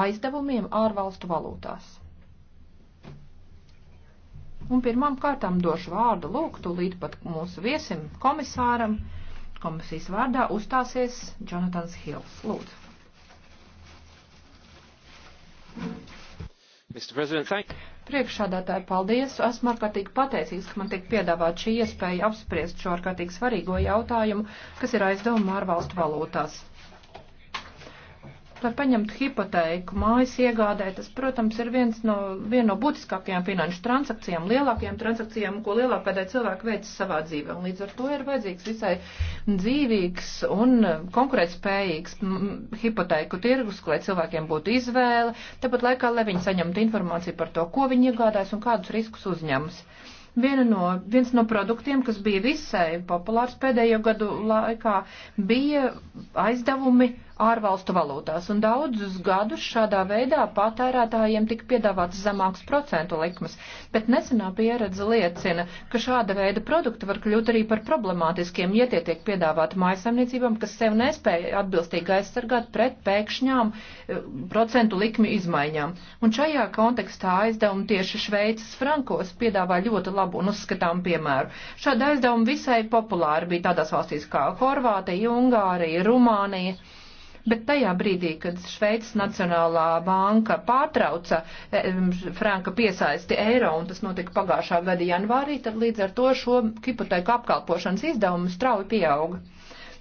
aizdevumiem ārvalstu valūtās. Un pirmām kārtām došu vārdu lūgtu līdz pat mūsu viesim komisāram. Komisijas vārdā uzstāsies Jonatans Hills. Lūdzu. Priekšādātāji, paldies! Esmu ārkārtīgi pateicīgs, ka man tiek piedāvāt šī iespēja apspriest šo ārkārtīgi svarīgo jautājumu, kas ir aizdevuma ārvalstu valūtās. Lai paņemtu hipotēku mājas iegādē, tas, protams, ir viens no, viena no būtiskākajām finanšu transakcijām, lielākajām transakcijām, ko lielākā daļa cilvēku veic savā dzīvē. Un līdz ar to ir vajadzīgs visai dzīvīgs un konkurētspējīgs hipotēku tirgus, lai cilvēkiem būtu izvēle, tāpat laikā, lai viņi saņemtu informāciju par to, ko viņi iegādājas un kādus riskus uzņems viena no, viens no produktiem, kas bija visai populārs pēdējo gadu laikā, bija aizdevumi ārvalstu valūtās, un daudzus gadus šādā veidā patērētājiem tika piedāvāts zemāks procentu likmes, bet nesenā pieredze liecina, ka šāda veida produkti var kļūt arī par problemātiskiem, ja tie tiek piedāvāti mājasemniecībām, kas sev nespēja atbilstīgi aizsargāt pret pēkšņām eh, procentu likmi izmaiņām. Un šajā kontekstā aizdevumi tieši Šveices frankos piedāvā ļoti labu un uzskatām piemēru. Šāda aizdevuma visai populāra bija tādās valstīs kā Horvātija, Ungārija, Rumānija. Bet tajā brīdī, kad Šveices Nacionālā banka pārtrauca franka piesaisti eiro, un tas notika pagājušā gada janvārī, tad līdz ar to šo hipotēku apkalpošanas izdevumu strauji pieauga.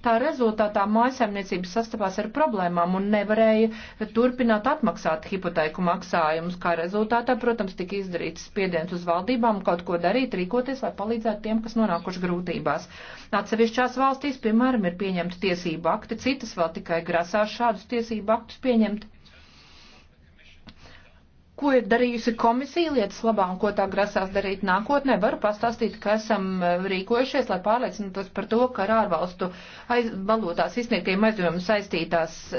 Tā rezultātā mājasemniecības sastapās ar problēmām un nevarēja turpināt atmaksāt hipoteiku maksājumus. Kā rezultātā, protams, tika izdarīts spiediens uz valdībām kaut ko darīt, rīkoties, lai palīdzētu tiem, kas nonākuši grūtībās. Atsevišķās valstīs, piemēram, ir pieņemti tiesību akti, citas vēl tikai grasās šādus tiesību aktus pieņemt. Ko ir darījusi komisija lietas labā un ko tā grasās darīt nākotnē? Varu pastāstīt, ka esam eh, rīkojušies, lai pārliecinātos par to, ka ar ārvalstu aiz, valūtās izsniegtiem aizdevumiem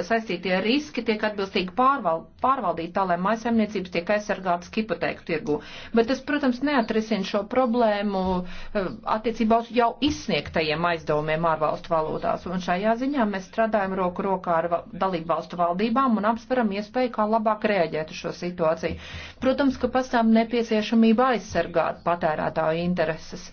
saistītie riski tiek atbilstīgi pārval, pārvaldīti tā, lai mājasemniecības tiek aizsargātas hipotēku tirgu. Bet tas, protams, neatrisin šo problēmu eh, attiecībā uz jau izsniegtajiem aizdevumiem ārvalstu valūtās. Un šajā ziņā mēs strādājam roku rokā ar dalību valstu valdībām un apsveram iespēju, kā labāk rēģēt uz šo situāciju pusi. Protams, ka pastāv nepieciešamība aizsargāt patērētāju intereses.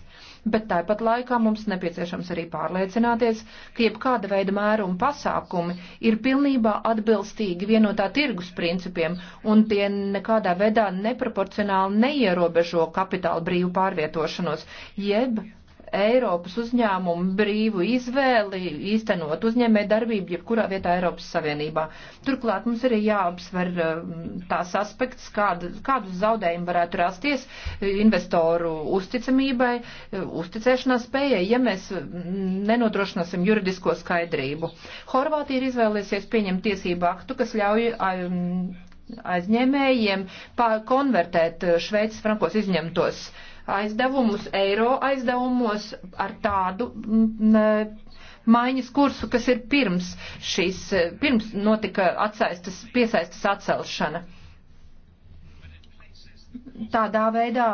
Bet tāpat laikā mums nepieciešams arī pārliecināties, ka jebkāda veida mēruma pasākumi ir pilnībā atbilstīgi vienotā tirgus principiem un tie nekādā veidā neproporcionāli neierobežo kapitāla brīvu pārvietošanos, jeb Eiropas uzņēmumu brīvu izvēli īstenot uzņēmē darbību jebkurā vietā Eiropas Savienībā. Turklāt mums arī jāapsver um, tās aspekts, kādu, kādus zaudējumu varētu rasties investoru uzticamībai, uzticēšanās spējai, ja mēs mm, nenodrošināsim juridisko skaidrību. Horvātija ir izvēlēsies pieņemt tiesību aktu, kas ļauj um, aizņēmējiem konvertēt uh, Šveices frankos izņemtos uh, aizdevumus eiro aizdevumos ar tādu maiņas kursu, kas ir pirms šīs, pirms notika atsaistas, piesaistas atcelšana. Tādā veidā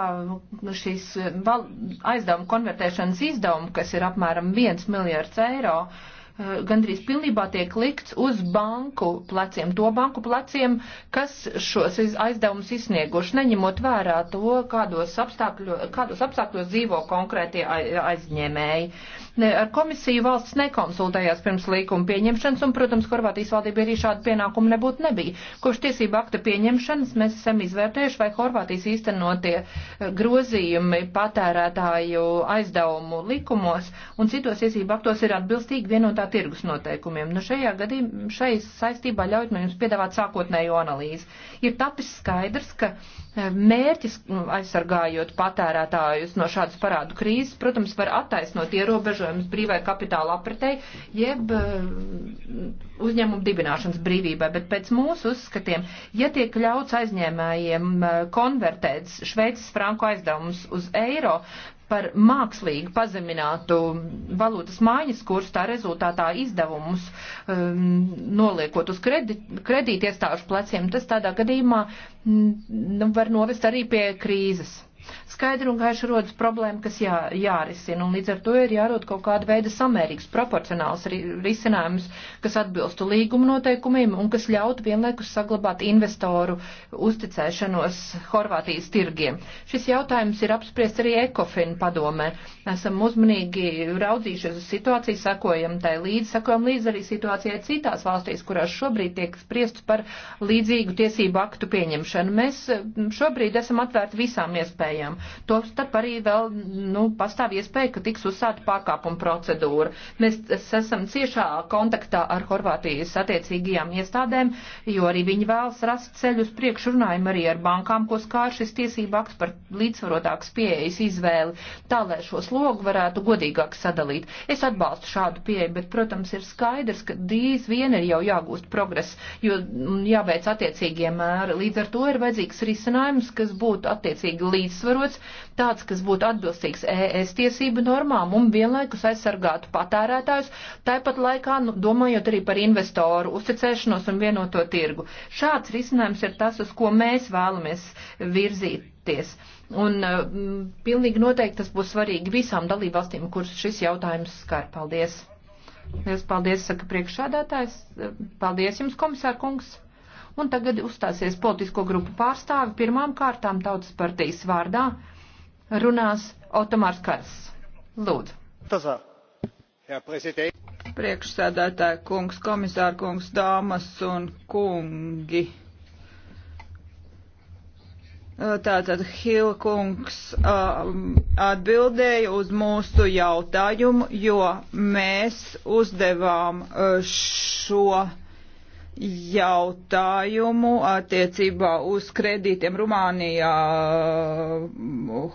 šīs aizdevuma konvertēšanas izdevumi, kas ir apmēram 1 miljards eiro, uh, Eh, gandrīz pilnībā tiek likts uz banku pleciem, to banku pleciem, kas šos aizdevumus izsnieguši, neņemot vērā to, kādos apstākļos, kādos apstākļos dzīvo konkrētie aizņēmēji ne, ar komisiju valsts nekonsultējās pirms līkuma pieņemšanas, un, protams, Horvātijas valdība arī šādu pienākumu nebūtu nebija. Kopš tiesību akta pieņemšanas mēs esam izvērtējuši, vai Horvātijas īstenotie eh, grozījumi patērētāju aizdevumu likumos un citos tiesību aktos ir atbilstīgi vienotā tirgus noteikumiem. Nu, šajā gadījumā, šai saistībā ļaut man jums piedāvāt sākotnējo analīzi. Ir tapis skaidrs, ka eh, mērķis mm, aizsargājot patērētājus no šādas parādu krīzes, protams, var attaisnot ierobežot ierobežojumus brīvai kapitāla apritei, jeb eh, uzņēmumu dibināšanas brīvībai. Bet pēc mūsu uzskatiem, ja tiek ļauts aizņēmējiem eh, konvertēt Šveices franku aizdevumus uz eiro, par mākslīgi pazeminātu valūtas mājas kursu, tā rezultātā izdevumus um, noliekot uz kredit, kredītiestāžu pleciem, tas tādā gadījumā mm, nu, var novest arī pie krīzes skaidri un gaiši rodas problēma, kas jā, jārisina, un līdz ar to ir jārod kaut kāda veida samērīgs, proporcionāls risinājums, kas atbilstu līguma noteikumiem un kas ļautu vienlaikus saglabāt investoru uzticēšanos Horvātijas tirgiem. Šis jautājums ir apspriests arī ECOFIN padomē. Esam uzmanīgi raudzījušies uz situāciju, sakojam tai līdzi, sakojam līdzi arī situācijai citās valstīs, kurās šobrīd tiek spriests par līdzīgu tiesību aktu pieņemšanu. Mēs šobrīd esam atvērti visām iespējām. Tostarp arī vēl nu, pastāv iespēja, ka tiks uzsāta pārkāpuma procedūra. Mēs esam ciešā kontaktā ar Horvātijas attiecīgajām iestādēm, jo arī viņi vēlas rast ceļus priekšrunājumu arī ar bankām, ko skār šis tiesība akts par līdzsvarotāks pieejas izvēli, tā lai šo slogu varētu godīgāk sadalīt. Es atbalstu šādu pieeju, bet, protams, ir skaidrs, ka drīz vien ir jau jāgūst progress, jo mm, jāveic attiecīgie mēri. Līdz ar to ir vajadzīgs risinājums, kas būtu attiecīgi līdzsvarots izveidots, tāds, kas būtu atbilstīgs ES tiesību normām un vienlaikus aizsargātu patērētājus, tāpat laikā nu, domājot arī par investoru uzticēšanos un vienoto tirgu. Šāds risinājums ir tas, uz ko mēs vēlamies virzīties. Un mm, pilnīgi noteikti tas būs svarīgi visām dalībvalstīm, kuras šis jautājums skar. Paldies! Liels paldies, saka priekšsādātājs. Paldies jums, komisār kungs! Un tagad uzstāsies politisko grupu pārstāvi. Pirmām kārtām tautas partijas vārdā runās Otomārs Karas. Lūdzu. Priekšsēdētāji kungs, komisāra kungs, dāmas un kungi. Tātad Hilkungs um, atbildēja uz mūsu jautājumu, jo mēs uzdevām uh, šo jautājumu jautājumu attiecībā uz kredītiem Rumānijā,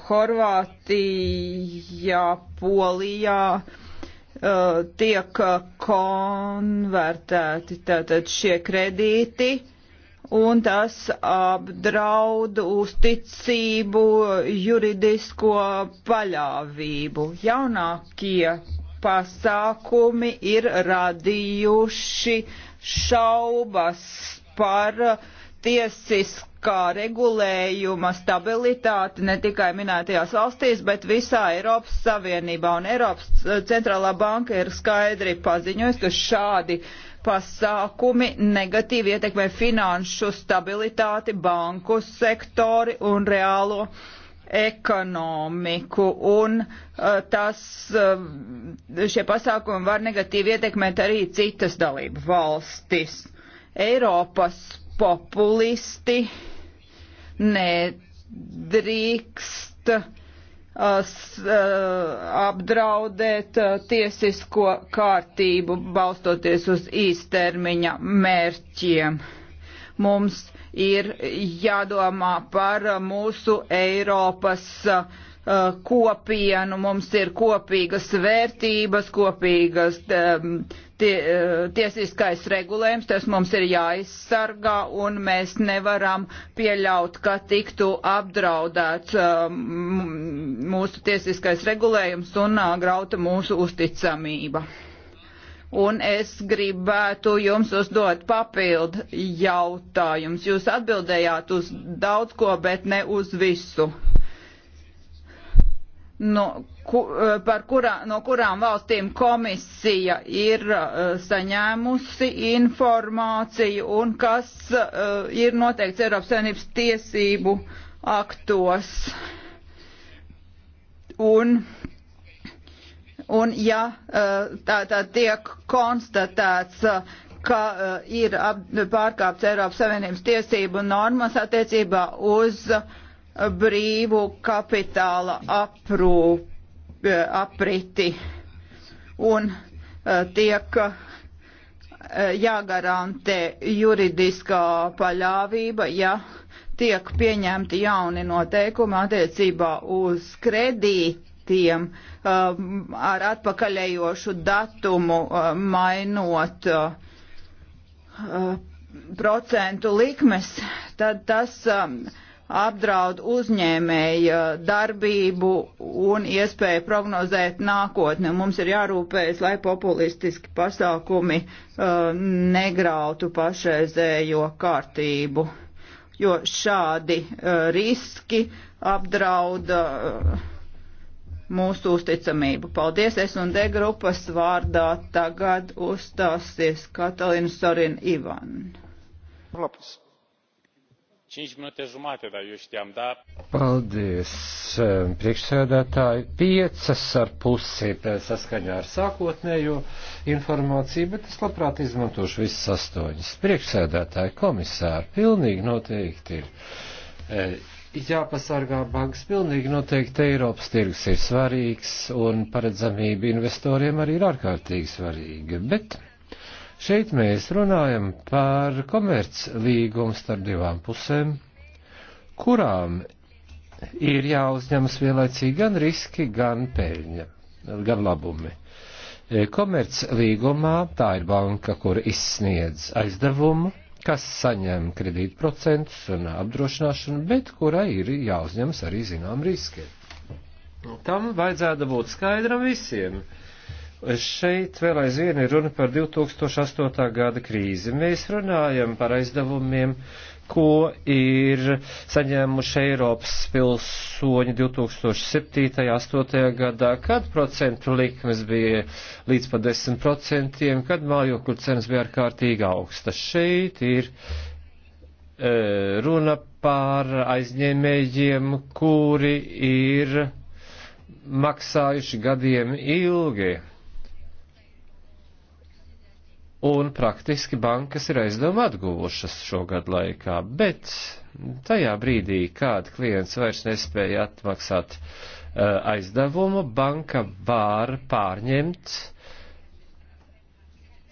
Horvātijā, Polijā tiek konvertēti tātad šie kredīti un tas apdraud uzticību, juridisko paļāvību. Jaunākie pasākumi ir radījuši uh, šaubas par tiesiskā regulējuma stabilitāti ne tikai minētajās valstīs, bet visā Eiropas Savienībā. Un Eiropas eh, centrālā banka ir skaidri paziņojusi, ka šādi pasākumi negatīvi ietekmē finanšu stabilitāti, banku sektori un reālo ekonomiku ekonomiku, un uh, tas, uh, šie pasākumi var negatīvi ietekmēt arī citas dalību valstis. Eiropas populisti nedrīkst uh, apdraudēt tiesisko kārtību, balstoties uz īstermiņa mērķiem. Mums ir jādomā par mūsu Eiropas uh, kopienu, mums ir kopīgas vērtības, kopīgas um, tie, uh, tiesiskais regulējums, tas mums ir jāizsargā un mēs nevaram pieļaut, ka tiktu apdraudēts um, mūsu tiesiskais regulējums un uh, grauta mūsu uzticamība un es gribētu jums uzdot papildu jautājumus. Jūs atbildējāt uz daudz ko, bet ne uz visu. No, ku, eh, par kurā, no kurām valstīm komisija ir uh, saņēmusi informāciju un kas uh, ir noteikts Eiropas Savienības tiesību aktos. Un uh, Un ja eh, tā, tā tiek konstatēts, eh, ka eh, ir pārkāpts Eiropas Savienības tiesību normas attiecībā uz brīvu kapitāla aprū, apriti un tiek jāgarantē juridiskā paļāvība, ja tiek pieņemti jauni noteikumi attiecībā uz kredīt aktiem um, ar atpakaļējošu datumu um, mainot uh, procentu likmes, tad tas um, apdraud uzņēmēja darbību un iespēju prognozēt nākotni. Mums ir jārūpējas, lai populistiski pasākumi uh, negrautu pašreizējo kārtību, jo šādi uh, riski apdrauda mūsu uzticamību. Paldies, es un D grupas vārdā tagad uzstāsies Katalina Sorina Ivan. Labs. 5 minūtes žumāte, da jūs šķiām, da. Paldies, eh, priekšsēdētāji. Piecas ar pusi eh, saskaņā ar sākotnējo informāciju, bet es labprāt izmantošu visas astoņas. Priekšsēdētāji, komisāri, pilnīgi noteikti ir eh, jāpasargā bankas. Pilnīgi noteikti Eiropas tirgus ir svarīgs un paredzamība investoriem arī ir ārkārtīgi svarīga. Bet šeit mēs runājam par komerc līgumu starp divām pusēm, kurām ir jāuzņemas vienlaicīgi gan riski, gan peļņa, gan labumi. Komerc līgumā tā ir banka, kur izsniedz aizdevumu kas saņem kredītprocentus un apdrošināšanu, bet kurai ir jāuzņemas arī zinām riski. Tam vajadzētu būt skaidram visiem. Šeit vēl aizvien ir runa par 2008. gada krīzi. Mēs runājam par aizdevumiem, uh, ko ir saņēmuši Eiropas pilsoņi 2007. 8. gadā, kad procentu likmes bija līdz pa 10%, kad mājokļu cenas bija ārkārtīgi augstas. Šeit ir e, runa par aizņēmējiem, kuri ir maksājuši gadiem ilgi un praktiski bankas ir aizdevuma atguvušas šogad laikā, bet tajā brīdī, kad klients vairs nespēja atmaksāt uh, aizdevumu, banka var pārņemt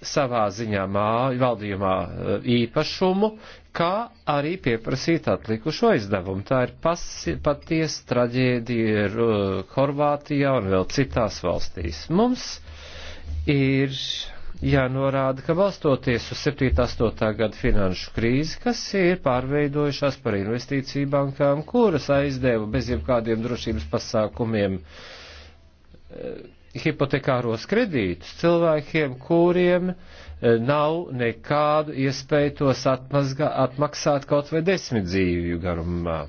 savā ziņā māju valdījumā eh, īpašumu, kā arī pieprasīt atlikušo aizdevumu. Tā ir patiesa traģēdija ir, uh, Horvātijā un vēl citās valstīs. Mums ir jānorāda, ka balstoties uz 7.8. gada finanšu krīzi, kas ir pārveidojušās par investīciju bankām, kuras aizdeva bez jebkādiem drošības pasākumiem eh, hipotekāros kredītus cilvēkiem, kuriem eh, nav nekādu iespēju tos atmazgā, atmaksāt kaut vai desmit dzīvju garumā.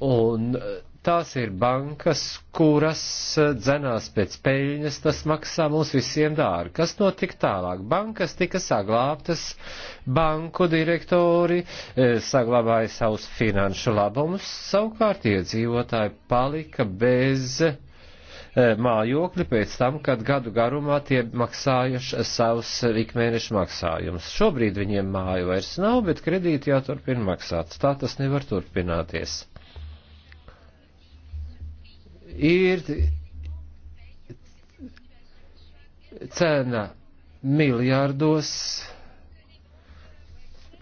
Un eh, Tās ir bankas, kuras eh, dzenās pēc peļņas, tas maksā mums visiem dārgi. Kas notika tālāk? Bankas tika saglābtas, banku direktori eh, saglabāja savus finanšu labumus, savukārt iedzīvotāji palika bez eh, mājokļi pēc tam, kad gadu garumā tie maksājuši savus ikmēnešu maksājumus. Šobrīd viņiem māju vairs nav, bet kredīti jāturpina maksāt. Tā tas nevar turpināties ir cena miljārdos,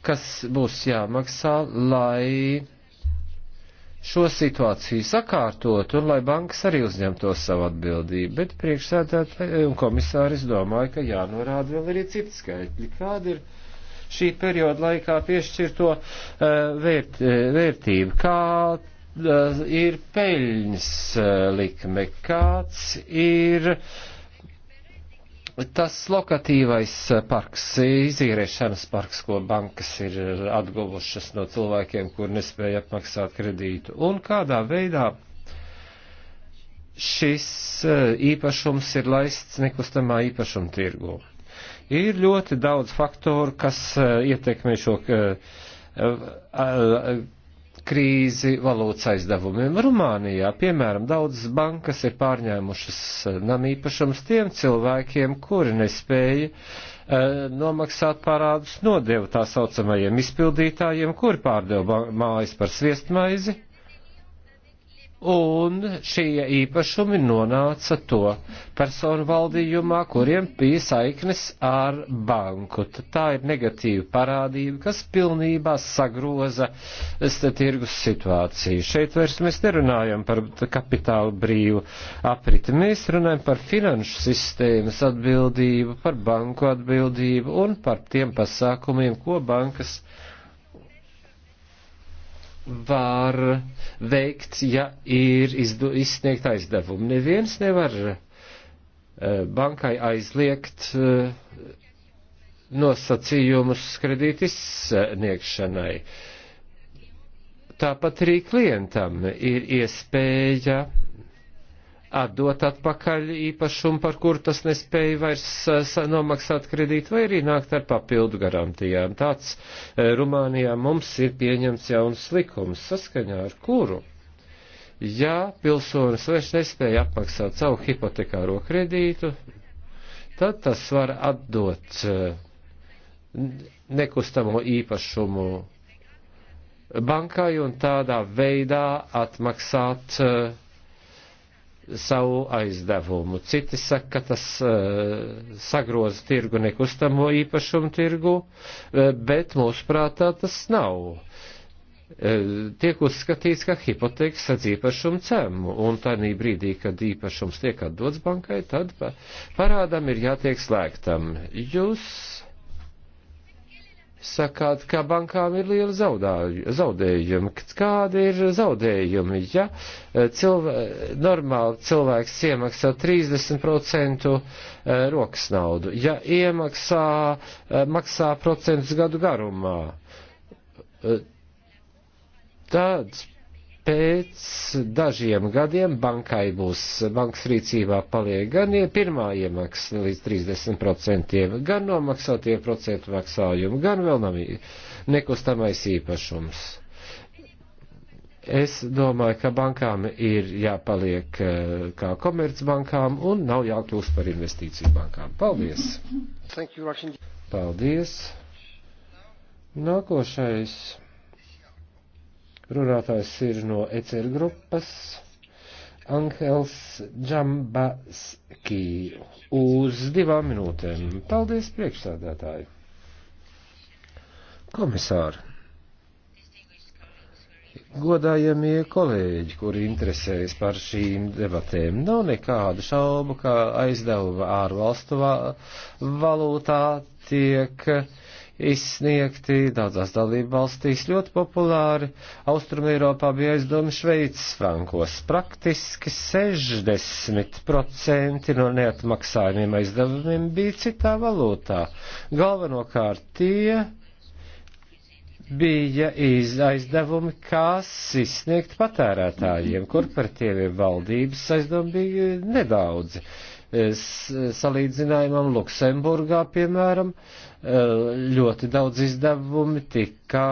kas būs jāmaksā, lai šo situāciju sakārtot un lai bankas arī uzņemtos savu atbildību. Bet priekšsēdētāji un komisāris domāja, ka jānorāda vēl arī citi skaitļi. Kāda ir šī perioda laikā piešķirto uh, vērt, uh, vērtība? Kā ir peļņas likme, kāds ir tas lokatīvais parks, izīriešanas parks, ko bankas ir atguvušas no cilvēkiem, kur nespēja apmaksāt kredītu, un kādā veidā šis īpašums ir laists nekustamā īpašuma tirgu. Ir ļoti daudz faktoru, kas ietekmē šo krīzi valūtas aizdevumiem. Rumānijā, piemēram, daudzas bankas ir pārņēmušas eh, namīpašums tiem cilvēkiem, kuri nespēja uh, nomaksāt parādus nodevu tā saucamajiem izpildītājiem, kuri pārdeva mājas par sviestmaizi un šie īpašumi nonāca to personu valdījumā, kuriem bija saiknes ar banku. Tā ir negatīva parādība, kas pilnībā sagroza tirgus situāciju. Šeit vairs mēs nerunājam par kapitālu brīvu apriti, mēs runājam par finanšu sistēmas atbildību, par banku atbildību un par tiem pasākumiem, ko bankas var veikt, ja ir izdu, izsniegt aizdevumu. Neviens nevar eh, bankai aizliegt eh, nosacījumus kredīt izsniegšanai. Tāpat arī klientam ir iespēja atdot atpakaļ īpašumu, par kur tas nespēja vairs nomaksāt kredītu, vai arī nākt ar papildu garantijām. Tāds e, Rumānijā mums ir pieņemts jauns likums, saskaņā ar kuru, ja pilsonis vairs nespēja apmaksāt savu hipotekāro kredītu, tad tas var atdot e, nekustamo īpašumu bankai un tādā veidā atmaksāt uh, savu aizdevumu. Citi saka, ka tas uh, sagroza tirgu nekustamo īpašumu tirgu, uh, bet mūsuprātā tas nav. Uh, tiek uzskatīts, ka hipoteka sadz īpašumu cemu, un tādā brīdī, kad īpašums tiek atdots bankai, tad parādam ir jātiek slēgtam. Jūs sakāt, ka bankām ir liela zaudējumi. Kādi ir zaudējumi? Ja e, cilvē, normāli cilvēks iemaksā 30% e, rokas naudu, ja iemaksā, e, maksā procentus gadu garumā, tad pēc dažiem gadiem bankai būs, bankas rīcībā paliek gan pirmā iemaksa līdz 30%, gan nomaksātie procentu maksājumi, gan vēl nav nekustamais īpašums. Es domāju, ka bankām ir jāpaliek eh, kā komercbankām un nav jākļūst par investīciju bankām. Paldies! Paldies! Nākošais. Runātājs ir no ECR grupas. Angels Džambaski uz divām minūtēm. Paldies, priekšsādātāji. Komisāri, godājamie kolēģi, kuri interesējas par šīm debatēm, nav nekādu šaubu, ka aizdevuma ārvalstu valūtā tiek uh, izsniegti daudzās dalību valstīs ļoti populāri. Austrumēropā bija aizdomi Šveicis frankos. Praktiski 60% no neatmaksājumiem aizdevumiem bija citā valūtā. Galvenokārt tie bija aizdevumi, kas izsniegt patērētājiem, korporatīviem valdības aizdevumi bija nedaudzi salīdzinājumam Luksemburgā, piemēram, e, ļoti daudz izdevumi tika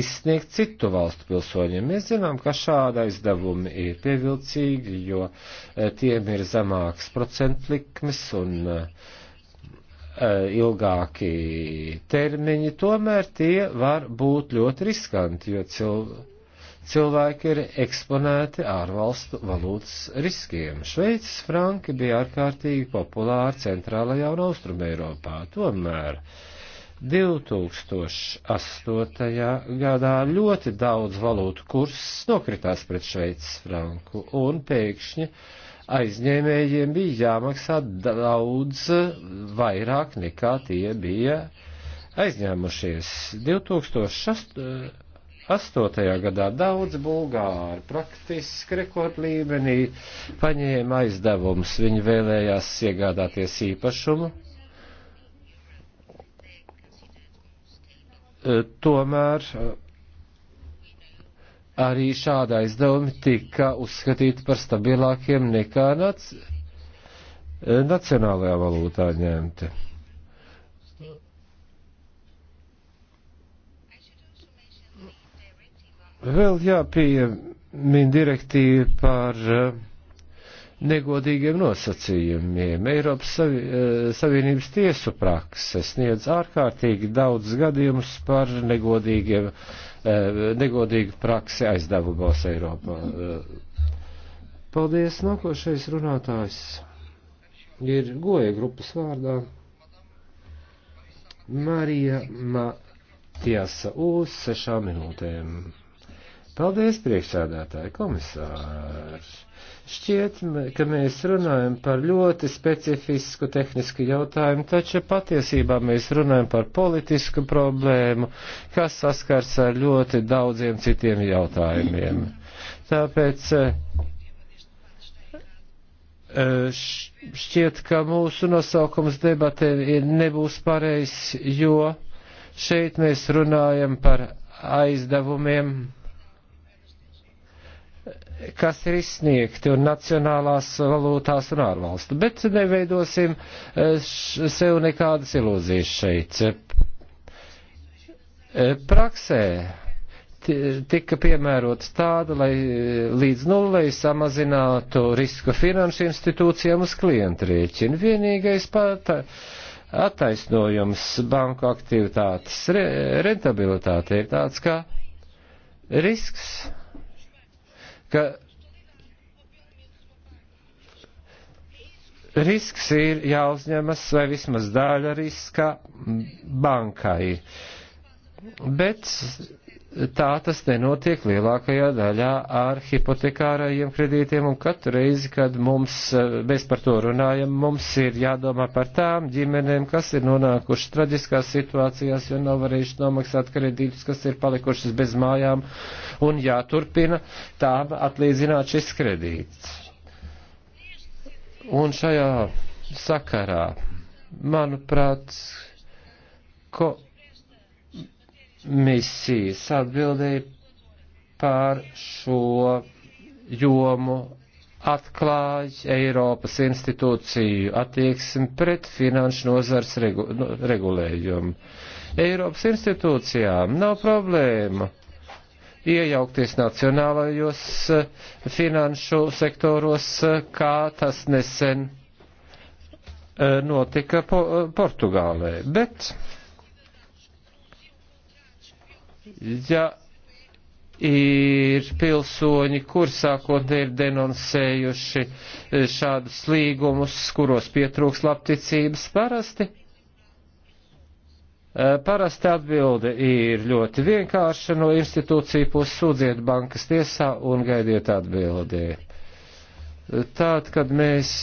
izsniegt citu valstu pilsoņiem. Mēs zinām, ka šāda izdevumi ir pievilcīgi, jo e, tiem ir zemāks procentu likmes un e, ilgāki termiņi, tomēr tie var būt ļoti riskanti, jo cilvēki cilvēki ir eksponēti ārvalstu valūtas riskiem. Šveicis franki bija ārkārtīgi populāri centrālajā un austrumē Eiropā. Tomēr 2008. gadā ļoti daudz valūtu kursus nokritās pret Šveicis franku un pēkšņi aizņēmējiem bija jāmaksā daudz vairāk nekā tie bija aizņēmušies. 2008 2008. gadā daudz bulgāri praktiski rekordlīmenī paņēma aizdevumus. Viņi vēlējās iegādāties īpašumu. E, tomēr e, arī šāda aizdevumi tika uzskatīti par stabilākiem nekā nac e, nacionālajā valūtā ņemti. Vēl jāpiemin direktīva par eh, negodīgiem nosacījumiem. Eiropas eh, Savienības tiesu prakse sniedz ārkārtīgi daudz gadījumus par negodīgiem, eh, negodīgu praksi aizdevumos Eiropā. Paldies, nākošais runātājs ir goja grupas vārdā. Marija Matiasa uz sešām minūtēm. Paldies, priekšsādātāji komisārs. Šķiet, ka mēs runājam par ļoti specifisku tehnisku jautājumu, taču patiesībā mēs runājam par politisku problēmu, kas saskars ar ļoti daudziem citiem jautājumiem. Tāpēc eh, eh, šķiet, ka mūsu nosaukums debatē nebūs pareizs, jo šeit mēs runājam par aizdevumiem kas ir izsniegti un nacionālās valūtās un ārvalstu, bet neveidosim eh, sev nekādas ilūzijas šeit. Eh, praksē tika piemērots tāda, lai eh, līdz nullei samazinātu risku finanšu institūcijām uz klientu rēķinu. Vienīgais pārta attaisnojums banku aktivitātes rentabilitāte ir tāds, ka risks ka risks ir jāuzņemas vai vismaz daļa riska bankai. Bet tā tas nenotiek lielākajā daļā ar hipotekārajiem kredītiem, un katru reizi, kad mums, eh, mēs par to runājam, mums ir jādomā par tām ģimenēm, kas ir nonākuši traģiskās situācijās, jo nav varējuši nomaksāt kredītus, kas ir palikušas bez mājām, un jāturpina tām atlīdzināt šis kredīts. Un šajā sakarā, manuprāt, ko misijas atbildēja pār šo jomu atklāj Eiropas institūciju attieksmi pret finanšu nozars regu, nu, regulējumu. Eiropas institūcijām nav problēma iejaukties nacionālajos eh, finanšu sektoros, eh, kā tas nesen eh, notika po Portugālē. Bet ja ir pilsoņi, kur sākotnēji ir denonsējuši e, šādus līgumus, kuros pietrūks labticības parasti? E, parasti atbilde ir ļoti vienkārša no institūciju puses sūdziet bankas tiesā un gaidiet atbildē. Tātad, kad mēs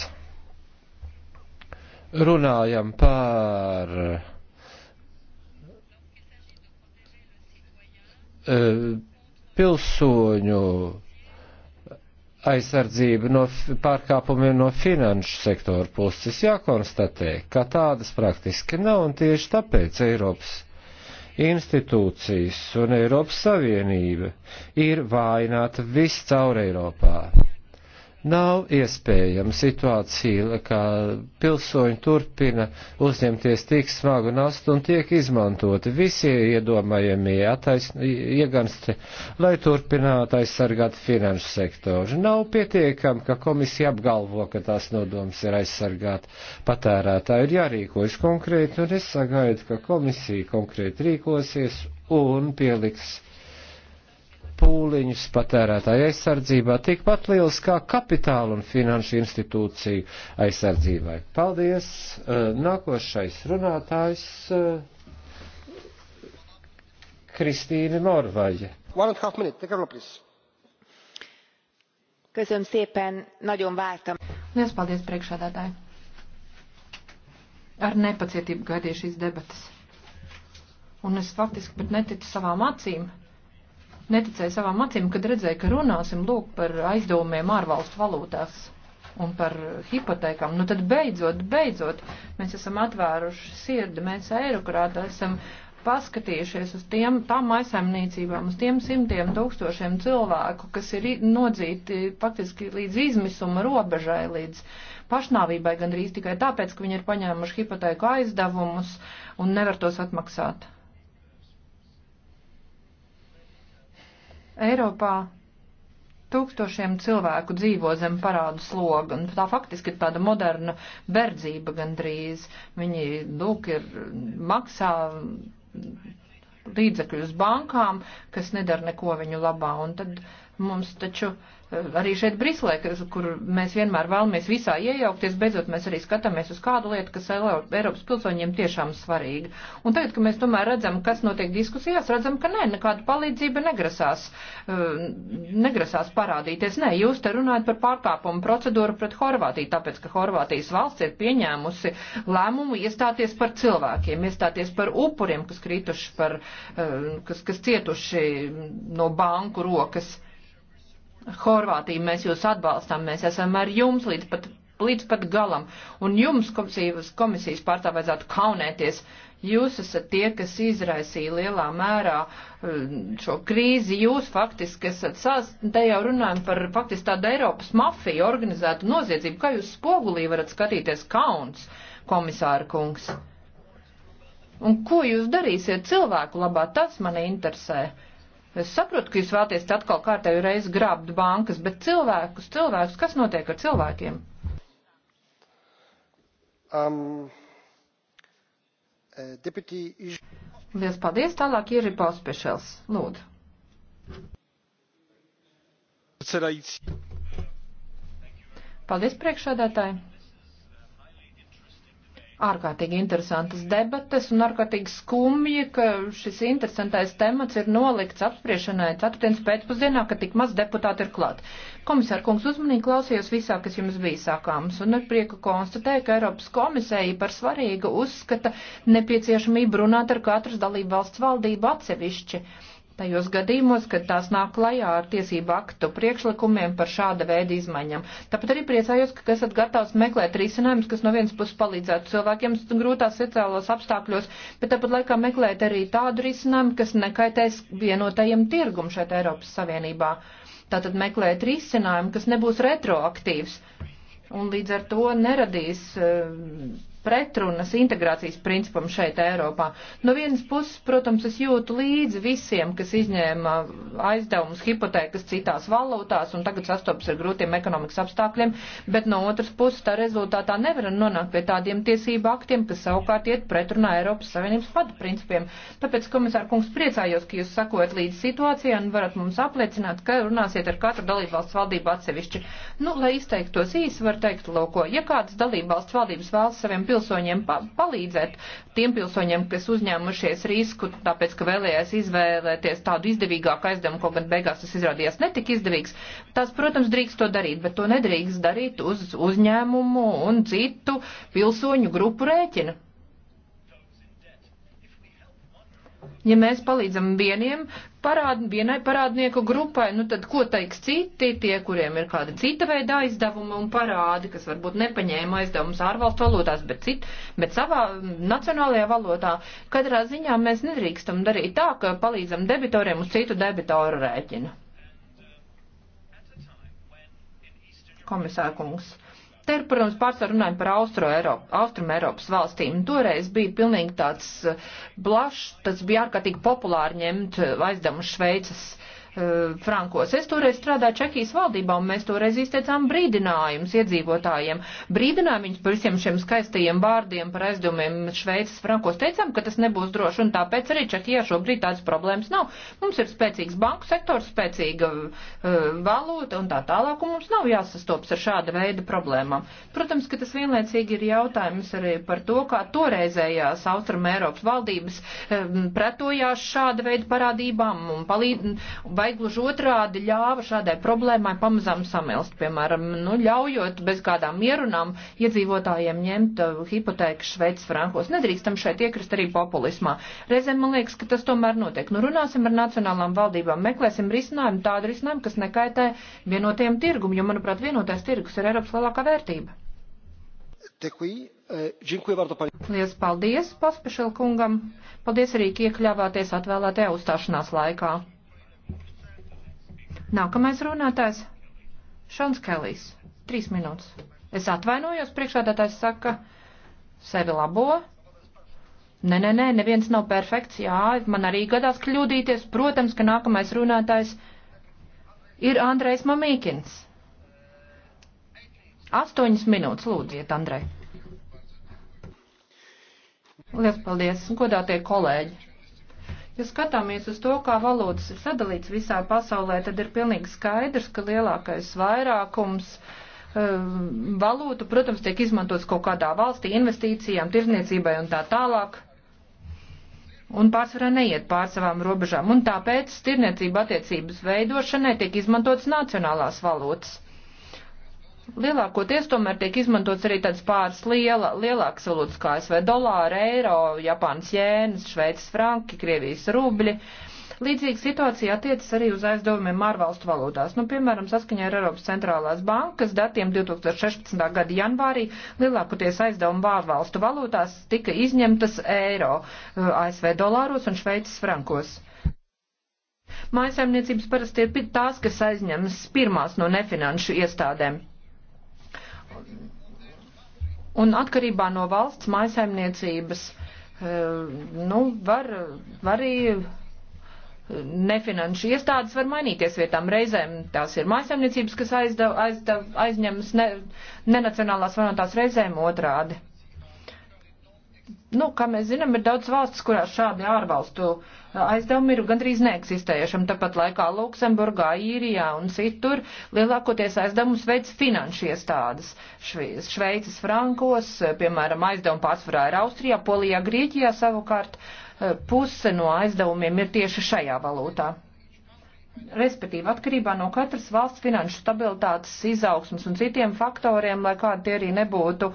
runājam par E, pilsoņu aizsardzību no pārkāpumiem no finanšu sektora puses jākonstatē, ka tādas praktiski nav un tieši tāpēc Eiropas institūcijas un Eiropas Savienība ir vājināta viscaur Eiropā. Nav iespējama situācija, ka pilsoņi turpina uzņemties tik smagu nastu un tiek izmantoti visi iedomājamie iegansti, lai turpinātu aizsargāt finanšu sektoru. Nav pietiekami, ka komisija apgalvo, ka tās nodoms ir aizsargāt patērētāju. Ir jārīkojas konkrēti, un es sagaidu, ka komisija konkrēti rīkosies un pieliks pūliņus patērētāju aizsardzībā tikpat liels kā kapitāla un finanšu institūciju aizsardzībai. Paldies! Eh, nākošais runātājs eh, Kristīne Morvaļa. Köszönöm szépen, nagyon vártam. Liels paldies, priekšādātāji! Ar nepacietību gaidīju šīs debatas. Un es faktiski pat neticu savām acīm neticēju savām acīm, kad redzēju, ka runāsim lūk par aizdomiem ārvalstu valūtās un par hipotekām. Nu tad beidzot, beidzot, mēs esam atvēruši sirdi, mēs eirokrāti esam paskatījušies uz tiem, tām aizsaimniecībām, uz tiem simtiem tūkstošiem cilvēku, kas ir nodzīti faktiski līdz izmisuma robežai, līdz pašnāvībai gandrīz tikai tāpēc, ka viņi ir paņēmuši hipotēku aizdevumus un nevar tos atmaksāt. Eiropā tūkstošiem cilvēku dzīvo zem parādu sloga, un tā faktiski ir tāda moderna verdzība gandrīz. Viņi, lūk, ir maksā līdzekļus bankām, kas nedara neko viņu labā, un tad Mums taču e, arī šeit Briselē, kur mēs vienmēr vēlamies visā iejaukties, beidzot mēs arī skatāmies uz kādu lietu, kas Eiropas pilsoņiem tiešām svarīga. Un tagad, kad mēs tomēr redzam, kas notiek diskusijās, redzam, ka nē, nekāda palīdzība negrasās, e, negrasās parādīties. Nē, jūs te runājat par pārkāpumu procedūru pret Horvātiju, tāpēc, ka Horvātijas valsts ir pieņēmusi lēmumu iestāties par cilvēkiem, iestāties par upuriem, kas krituši par, e, kas, kas cietuši no banku rokas. Horvātija, mēs jūs atbalstam, mēs esam ar jums līdz pat, līdz pat galam, un jums komisijas, komisijas pārstāv vajadzētu kaunēties. Jūs esat tie, kas izraisīja lielā mērā eh, šo krīzi, jūs faktiski esat, sās, te jau runājam par faktiski tādu Eiropas mafiju organizētu noziedzību, kā jūs spogulī varat skatīties kauns, komisāra kungs. Un ko jūs darīsiet cilvēku labā, tas mani interesē. Es saprotu, ka jūs vēlaties atkal kārtēju reizi grābt bankas, bet cilvēkus, cilvēkus, kas notiek ar cilvēkiem? Um, eh, deputy... Liels paldies, tālāk ir Pauspešels. Lūdzu. Paldies, priekšādātāji ārkārtīgi interesantas debates un ārkārtīgi skumji, ka šis interesantais temats ir nolikts apspriešanai ceturtdienas pēcpusdienā, ka tik maz deputāti ir klāt. Komisāra kungs uzmanīgi klausījos visā, kas jums bija sākāms, un ar prieku konstatēju, ka Eiropas komisēja par svarīgu uzskata nepieciešamību runāt ar katras dalību valsts valdību atsevišķi tajos gadījumos, kad tās nāk klajā ar tiesību aktu priekšlikumiem par šāda veida izmaiņām. Tāpat arī priecājos, ka esat gatavs meklēt risinājumus, kas no vienas puses palīdzētu cilvēkiem grūtās sociālos apstākļos, bet tāpat laikā meklēt arī tādu risinājumu, kas nekaitēs vienotajam tirgum šeit Eiropas Savienībā. Tātad meklēt risinājumu, kas nebūs retroaktīvs un līdz ar to neradīs. Uh, pretrunas integrācijas principam šeit Eiropā. No vienas puses, protams, es jūtu līdzi visiem, kas izņēma aizdevumus hipotēkas citās valūtās un tagad sastopas ar grūtiem ekonomikas apstākļiem, bet no otras puses tā rezultātā nevar nonākt pie tādiem tiesību aktiem, kas savukārt iet pretrunā Eiropas Savienības padu principiem. Tāpēc, komisār kungs, priecājos, ka jūs sakojat līdzi situācijai un varat mums apliecināt, ka runāsiet ar katru dalībvalsts valdību atsevišķi. Nu, lai izteiktos īsi, var teikt, lūko, ja kādas dalībvalsts valdības vēlas saviem pilsoņiem pa palīdzēt, tiem pilsoņiem, kas uzņēmušies risku, tāpēc, ka vēlējās izvēlēties tādu izdevīgāku aizdevumu, kaut gan beigās tas izrādījās netik izdevīgs. Tas, protams, drīkst to darīt, bet to nedrīkst darīt uz uzņēmumu un citu pilsoņu grupu rēķina. Ja mēs palīdzam vieniem parād, vienai parādnieku grupai, nu tad ko teiks citi, tie, kuriem ir kāda cita veida aizdevuma un parādi, kas varbūt nepaņēma aizdevumus ārvalstu valodās, bet, cit, bet savā nacionālajā valodā. Katrā ziņā mēs nedrīkstam darīt tā, ka palīdzam debitoriem uz citu debitoru rēķinu. Komisārkungs Te ir, protams, pārsvarā runājam par Austro Eiropu, Austrum Eiropas valstīm. Toreiz bija pilnīgi tāds eh, blašs, tas bija ārkārtīgi populāri ņemt eh, aizdevumu Šveices uh, Uh, frankos. Es toreiz strādāju Čehijas valdībā, un mēs toreiz izteicām brīdinājumus iedzīvotājiem. Brīdinājām viņus par visiem šiem skaistajiem vārdiem, par aizdomiem Šveices frankos. Teicām, ka tas nebūs droši, un tāpēc arī Čehijā šobrīd tādas problēmas nav. Mums ir spēcīgs banku sektors, spēcīga uh, valūta un tā tālāk, un mums nav jāsastops ar šāda veida problēmām. Protams, ka tas vienlaicīgi ir jautājums arī par to, kā toreizējās Austrum Eiropas valdības um, pretojās šāda veida parādībām un palīdz vai gluži otrādi ļāva šādai problēmai pamazām samilst, piemēram, nu, ļaujot bez kādām ierunām iedzīvotājiem ņemt uh, hipotēkas Šveicis frankos. Nedrīkstam šeit iekrist arī populismā. Reizēm man liekas, ka tas tomēr notiek. Nu, runāsim ar nacionālām valdībām, meklēsim risinājumu, tādu risinājumu, kas nekaitē vienotiem tirgum, jo, manuprāt, vienotais tirgus ir Eiropas lielākā vērtība. Eh, Lielas paldies Paspešel kungam. Paldies arī, ka iekļāvāties atvēlētajā uzstāšanās laikā. Nākamais runātājs - Šons Kelijs. Trīs minūtes. Es atvainojos, priekšādātājs saka, sevi labo. Nē, nē, nē, neviens nav perfekts, jā, man arī gadās kļūdīties. Protams, ka nākamais runātājs ir Andrejs Mamīkins. Astoņas minūtes, lūdziet, Andrej. Lielas paldies, godātie kolēģi. Ja skatāmies uz to, kā valūtas ir sadalīts visā pasaulē, tad ir pilnīgi skaidrs, ka lielākais vairākums um, valūtu, protams, tiek izmantots kaut kādā valstī investīcijām, tirzniecībai un tā tālāk. Un pārsvarā neiet pār savām robežām. Un tāpēc tirniecība attiecības veidošanai tiek izmantotas nacionālās valūtas lielākoties tomēr tiek izmantots arī tāds pāris liela, lielāks valūtas kā SV dolāra, eiro, Japānas jēnas, Šveices franki, Krievijas rubļi. Līdzīga situācija attiecas arī uz aizdevumiem ārvalstu valūtās. Nu, piemēram, saskaņā ar Eiropas centrālās bankas datiem 2016. gada janvārī lielākoties aizdevumu ārvalstu valūtās tika izņemtas eiro, eh, ASV dolāros un Šveices frankos. Mājasemniecības parasti ir tās, kas aizņemas pirmās no nefinanšu iestādēm un atkarībā no valsts maisaimniecības, eh, nu, var, var arī eh, nefinanšu iestādes var mainīties vietām. Reizēm tās ir maisaimniecības, kas aizda, aizda, aizņemas ne, nenacionālās vienotās reizēm otrādi. Nu, kā mēs zinām, ir daudz valsts, kurās šādi ārvalstu uh, aizdevumi ir gandrīz neeksistējušam. Tāpat laikā Luksemburgā, Īrijā un citur lielākoties aizdevumus veids finanšu iestādes. Šveicis frankos, uh, piemēram, aizdevumi pārsvarā ir Austrijā, Polijā, Grieķijā savukārt uh, puse no aizdevumiem ir tieši šajā valūtā respektīvi atkarībā no katras valsts finanšu stabilitātes, izaugsmas un citiem faktoriem, lai kādi tie arī nebūtu,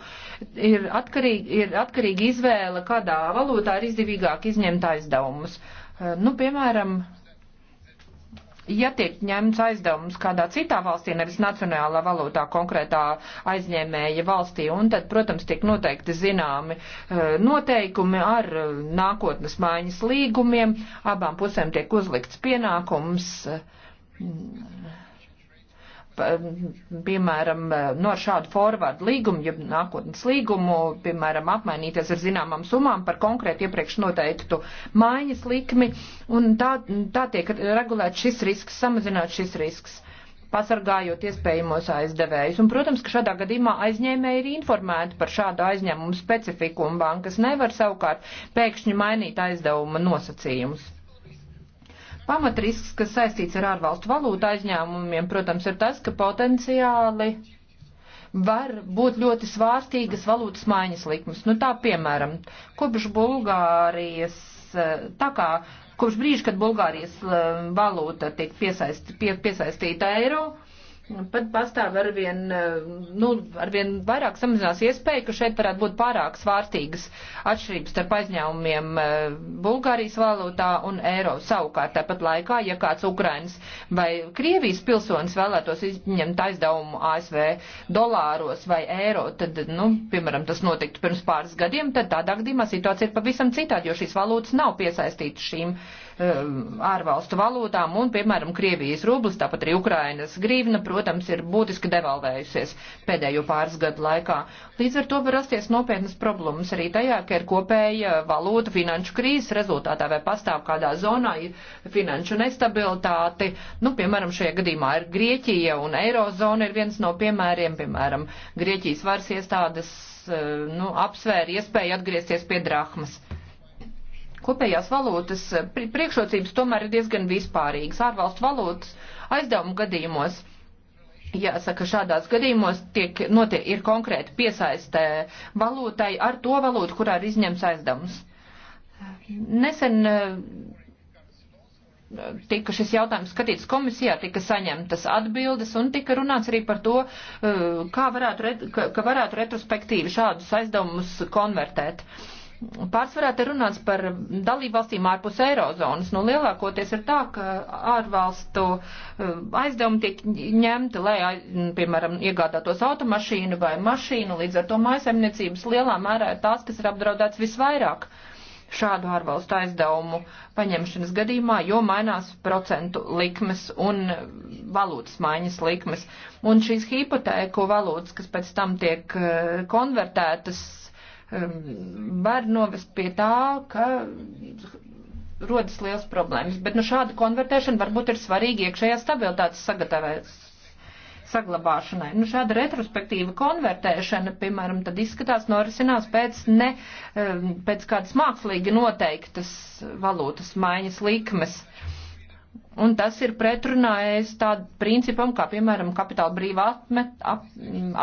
ir atkarīgi, ir atkarīgi izvēle, kādā valūtā ir izdevīgāk izņemt aizdevumus. Eh, nu, piemēram, ja tiek ņemts aizdevums kādā citā valstī, nevis nacionālā valūtā konkrētā aizņēmēja valstī, un tad, protams, tiek noteikti zināmi eh, noteikumi ar eh, nākotnes maiņas līgumiem, abām pusēm tiek uzlikts pienākums. Mm piemēram, no šādu forward līgumu, ja nākotnes līgumu, piemēram, apmainīties ar zināmām summām par konkrēti iepriekš noteiktu mājas likmi, un tā, tā tiek regulēts šis risks, samazināts šis risks pasargājot iespējamos aizdevējus. Un, protams, ka šādā gadījumā aizņēmēji ir informēti par šādu aizņēmumu specifiku, un bankas nevar savukārt pēkšņi mainīt aizdevuma nosacījumus. Pamatrisks, kas saistīts ar ārvalstu valūtu aizņēmumiem, protams, ir tas, ka potenciāli var būt ļoti svārstīgas valūtas maiņas likmes. Nu tā, piemēram, kopš Bulgārijas, tā kā kopš brīža, kad Bulgārijas eh, valūta tiek piesaist, pie, piesaistīta eiro, Pat pastāv arvien, eh, nu, arvien vairāk samazinās iespēja, ka šeit varētu būt pārāk svārstīgas atšķirības starp aizņēmumiem eh, Bulgārijas valūtā un eiro. Savukārt, tāpat laikā, ja kāds Ukrainas vai Krievijas pilsonis vēlētos izņemt aizdevumu ASV dolāros vai eiro, tad, nu, piemēram, tas notiktu pirms pāris gadiem, tad tādā gadījumā situācija ir pavisam citāda, jo šīs valūtas nav piesaistītas šīm uh, Eh, ārvalstu valūtām un, piemēram, Krievijas rublis, tāpat arī Ukrainas grīvna, protams, ir būtiski devalvējusies pēdējo pāris gadu laikā. Līdz ar to var rasties nopietnas problēmas arī tajā, ka ir kopēja valūta finanšu krīzes rezultātā vai pastāv kādā zonā finanšu nestabilitāti. Nu, piemēram, šajā gadījumā ir Grieķija un Eirozona ir viens no piemēriem, piemēram, Grieķijas varas iestādes eh, nu, apsvēra iespēju atgriezties pie drahmas. Kopējās valūtas eh, priekšrocības tomēr ir diezgan vispārīgas. Ārvalstu valūtas aizdevumu gadījumos. Jāsaka, šādās gadījumos tiek, notiek, ir konkrēti piesaistē valūtai ar to valūtu, kurā ir izņemts aizdevums. Nesen eh, tika šis jautājums skatīts komisijā, tika saņemtas atbildes un tika runāts arī par to, eh, kā varētu, ka varētu retrospektīvi šādus aizdevumus konvertēt. Uh, Pārsvarā te runāts par dalību valstīm ārpus eirozonas. Nu, lielākoties ir tā, ka ārvalstu eh, aizdevumi tiek ņemti, lai, piemēram, iegādātos automašīnu vai mašīnu. Līdz ar to mājasemniecības lielā mērā ir tās, kas ir apdraudēts visvairāk šādu ārvalstu aizdevumu paņemšanas gadījumā, jo mainās procentu likmes un valūtas maiņas likmes. Un šīs hipotēku valūtas, kas pēc tam tiek eh, konvertētas Um, var novest pie tā, ka rodas liels problēmas. Bet nu, šāda konvertēšana varbūt ir svarīga iekšējā stabilitātes sagatavošanai saglabāšanai. Nu, šāda retrospektīva konvertēšana, piemēram, tad izskatās norisinās pēc, ne, um, pēc kādas mākslīgi noteiktas valūtas maiņas likmes. Un tas ir pretrunājis tādu principam, kā, piemēram, kapitāla brīva apmet, ap,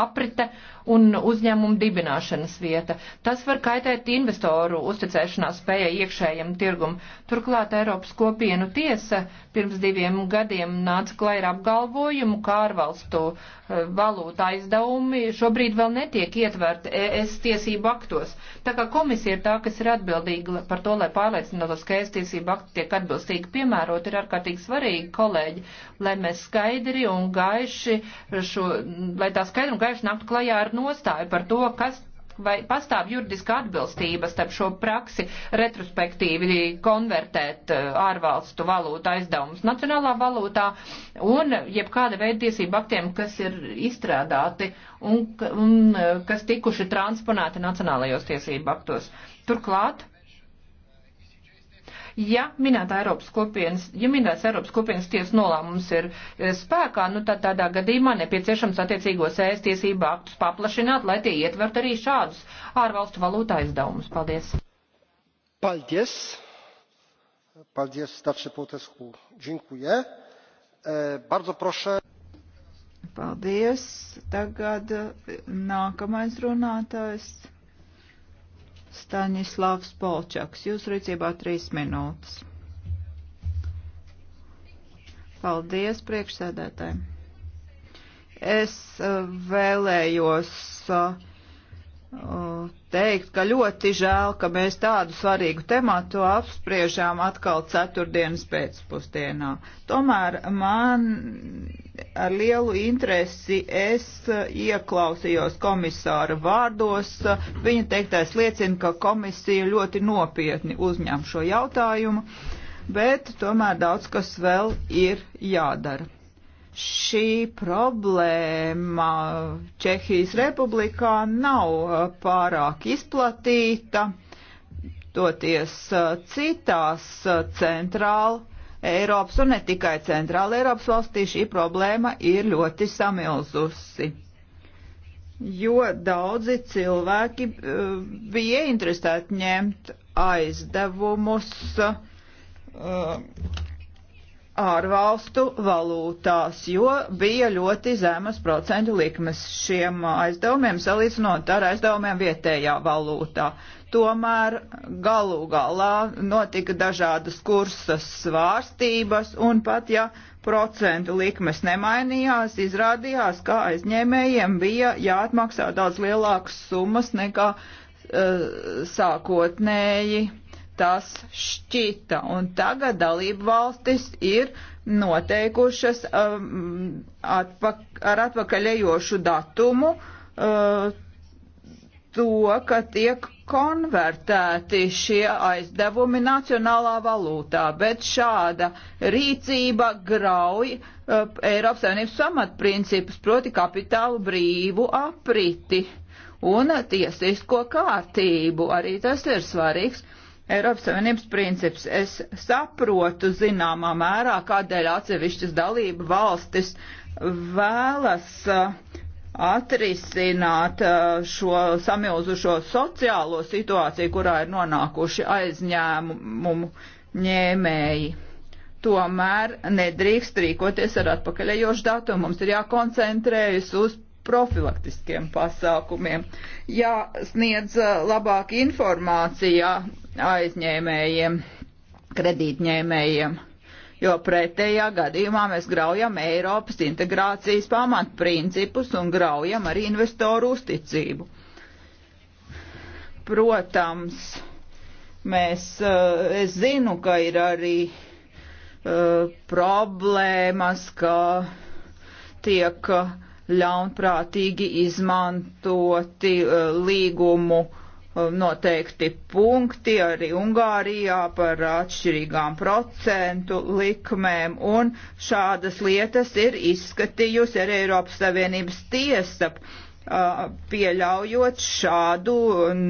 aprite un uzņēmumu dibināšanas vieta. Tas var kaitēt investoru uzticēšanās spējai iekšējam tirgum. Turklāt Eiropas kopienu tiesa pirms diviem gadiem nāca klajā apgalvojumu, ka ārvalstu eh, valūta aizdevumi šobrīd vēl netiek ietverti ES tiesību aktos. Tā kā komisija ir tā, kas ir atbildīga par to, lai pārliecinātos, ka ES tiesību akti tiek atbilstīgi piemērot, ir ārkārtīgi svarīgi, kolēģi, lai mēs skaidri un gaiši šo, lai tā skaidri un gaiši nāktu klajā ar pamat nostāju par to, kas vai pastāv juridiska atbilstība starp šo praksi retrospektīvi konvertēt eh, ārvalstu valūtu aizdevumus nacionālā valūtā un jebkāda veida tiesību aktiem, kas ir izstrādāti un, un eh, kas tikuši transponēti nacionālajos tiesību aktos. Turklāt Ja minētā Eiropas kopienas, ja minēts Eiropas kopienas tiesas nolēmums ir e, spēkā, nu tad tādā gadījumā nepieciešams attiecīgos ēst tiesību aktus paplašināt, lai tie ietvert arī šādus ārvalstu valūtu aizdevumus. Paldies! Paldies! Paldies, starszy potesku. Dziękuję. E, bardzo proszę. Paldies. Tagad nākamais runātājs. Staņislavs Polčaks. Jūs rīcībā trīs minūtes. Paldies priekšsēdētājiem. Es eh, vēlējos uh, teikt, ka ļoti žēl, ka mēs tādu svarīgu tematu apspriežām atkal ceturtdienas pēcpusdienā. Tomēr man ar lielu interesi es ieklausījos komisāra vārdos. Viņa teiktais liecina, ka komisija ļoti nopietni uzņem šo jautājumu, bet tomēr daudz kas vēl ir jādara šī problēma Čehijas republikā nav uh, pārāk izplatīta, toties uh, citās uh, centrāla Eiropas un ne tikai centrāla Eiropas valstī šī problēma ir ļoti samilzusi. Jo daudzi cilvēki bija interesēti ņemt aizdevumus uh, ārvalstu valūtās, jo bija ļoti zemas procentu likmes šiem aizdevumiem, salīdzinot ar aizdevumiem vietējā valūtā. Tomēr galu galā notika dažādas kursas svārstības, un pat ja procentu likmes nemainījās, izrādījās, ka aizņēmējiem bija jāatmaksā daudz lielākas summas nekā uh, sākotnēji tas šķita. Un tagad dalību valstis ir noteikušas um, atpak ar atpakaļejošu datumu uh, to, ka tiek konvertēti šie aizdevumi nacionālā valūtā, bet šāda rīcība grauj uh, Eiropas Savienības pamatprincipus, proti kapitālu brīvu apriti un tiesisko kārtību. Arī tas ir svarīgs. Uh, Eiropas Savienības princips. Es saprotu zināmā mērā, kādēļ atsevišķas dalība valstis vēlas uh, atrisināt uh, šo samilzušo sociālo situāciju, kurā ir nonākuši aizņēmumu ņēmēji. Tomēr nedrīkst rīkoties ar atpakaļējošu datumu. Mums ir jākoncentrējas uz profilaktiskiem pasākumiem, jāsniedz uh, labāka informācija aizņēmējiem, kredītņēmējiem, jo pretējā gadījumā mēs graujam Eiropas integrācijas pamatprincipus un graujam arī investoru uzticību. Protams, mēs, eh, es zinu, ka ir arī eh, problēmas, ka tiek ļaunprātīgi izmantoti eh, līgumu uh, Um, noteikti punkti arī Ungārijā par atšķirīgām procentu likmēm, un šādas lietas ir izskatījusi arī Eiropas Savienības tiesa, uh, pieļaujot šādu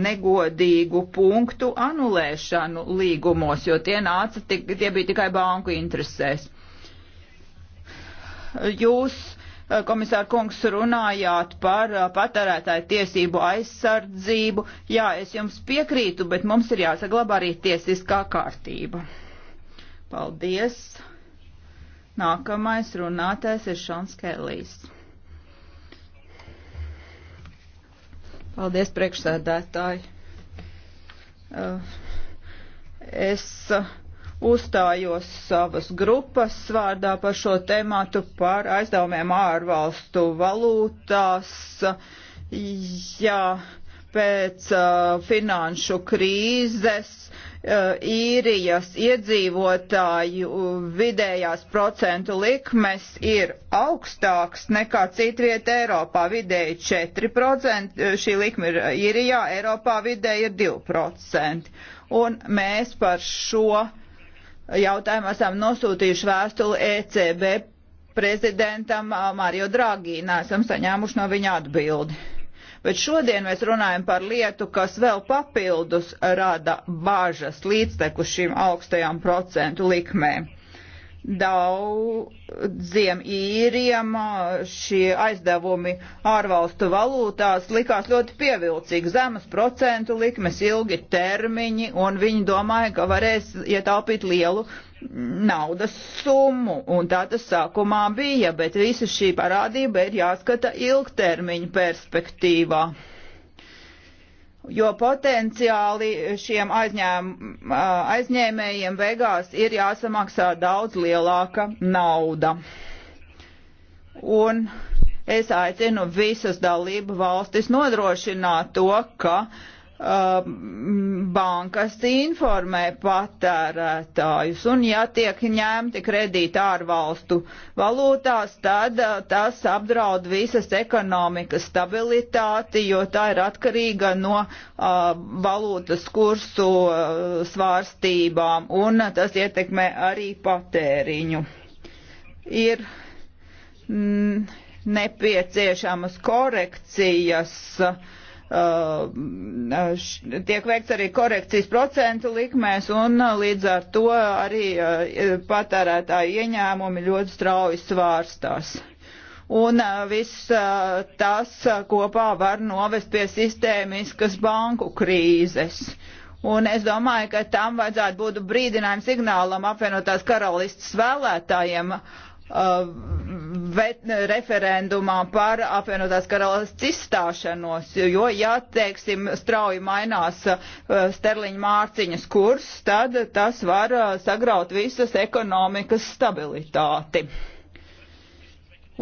negodīgu punktu anulēšanu līgumos, jo tie, nāca, tie bija tikai banku interesēs. Jūs Eh, komisāra kungs, runājāt par eh, patērētāju tiesību aizsardzību. Jā, es jums piekrītu, bet mums ir jāsaglabā arī tiesiskā kārtība. Paldies. Nākamais runātājs ir Šons Kēlijs. Paldies, priekšsēdētāji. Eh, es. Uh, uzstājos savas grupas vārdā par šo tematu par aizdevumiem ārvalstu valūtās. Jā, pēc uh, finanšu krīzes uh, īrijas iedzīvotāju vidējās procentu likmes ir augstāks nekā citviet Eiropā. Vidēji 4% šī likme ir īrijā, Eiropā vidēji ir 2%. Un mēs par šo uh, jautājumu esam nosūtījuši vēstuli ECB prezidentam Mario Draghi. Nesam saņēmuši no viņa atbildi. Bet šodien mēs runājam par lietu, kas vēl papildus rada bāžas līdzteku šīm augstajām procentu likmēm daudziem īriem šie aizdevumi ārvalstu valūtās likās ļoti pievilcīgi. Zemes procentu likmes, ilgi termiņi, un viņi domāja, ka varēs ietaupīt lielu naudas summu. Un tā tas sākumā bija, bet visa šī parādība ir jāskata ilgtermiņa perspektīvā jo potenciāli šiem aizņēm, aizņēmējiem beigās ir jāsamaksā daudz lielāka nauda. Un es aicinu visas dalību valstis nodrošināt to, ka uh, Um, bankas informē patērētājus, un ja tiek ņemti kredīti ārvalstu valūtās, tad uh, tas apdraud visas ekonomikas stabilitāti, jo tā ir atkarīga no uh, valūtas kursu uh, svārstībām, un tas ietekmē arī patēriņu. Ir mm, nepieciešamas korekcijas uh, Uh, tiek veikts arī korekcijas procentu likmēs un uh, līdz ar to arī uh, patērētāju ieņēmumi ļoti strauji svārstās. Un viss tas kopā var novest pie sistēmiskas banku krīzes. Un es domāju, ka tam vajadzētu būt brīdinājuma signālam apvienotās karalistas vēlētājiem, vet, referendumā par apvienotās karalists izstāšanos, jo, ja, teiksim, strauji mainās uh, sterliņa mārciņas kurs, tad tas var uh, sagraut visas ekonomikas stabilitāti.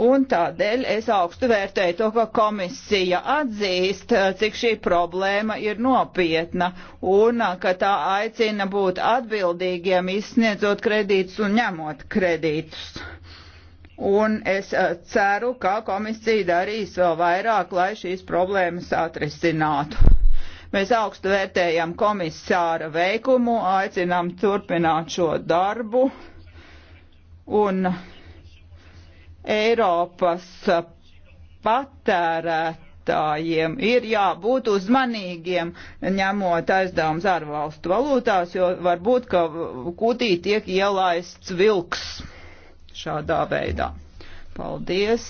Un tādēļ es augstu vērtēju to, ka komisija atzīst, uh, cik šī problēma ir nopietna un ka tā aicina būt atbildīgiem, izsniedzot kredītus un ņemot kredītus Un es eh, ceru, ka komisija darīs vēl vairāk, lai šīs problēmas atrisinātu. Mēs augstu vērtējam komisāra veikumu, aicinām turpināt šo darbu un Eiropas patērētājiem ir jābūt uzmanīgiem, ņemot aizdevums ārvalstu valūtās, jo varbūt, ka kūtī tiek ielaists vilks šādā veidā. Paldies!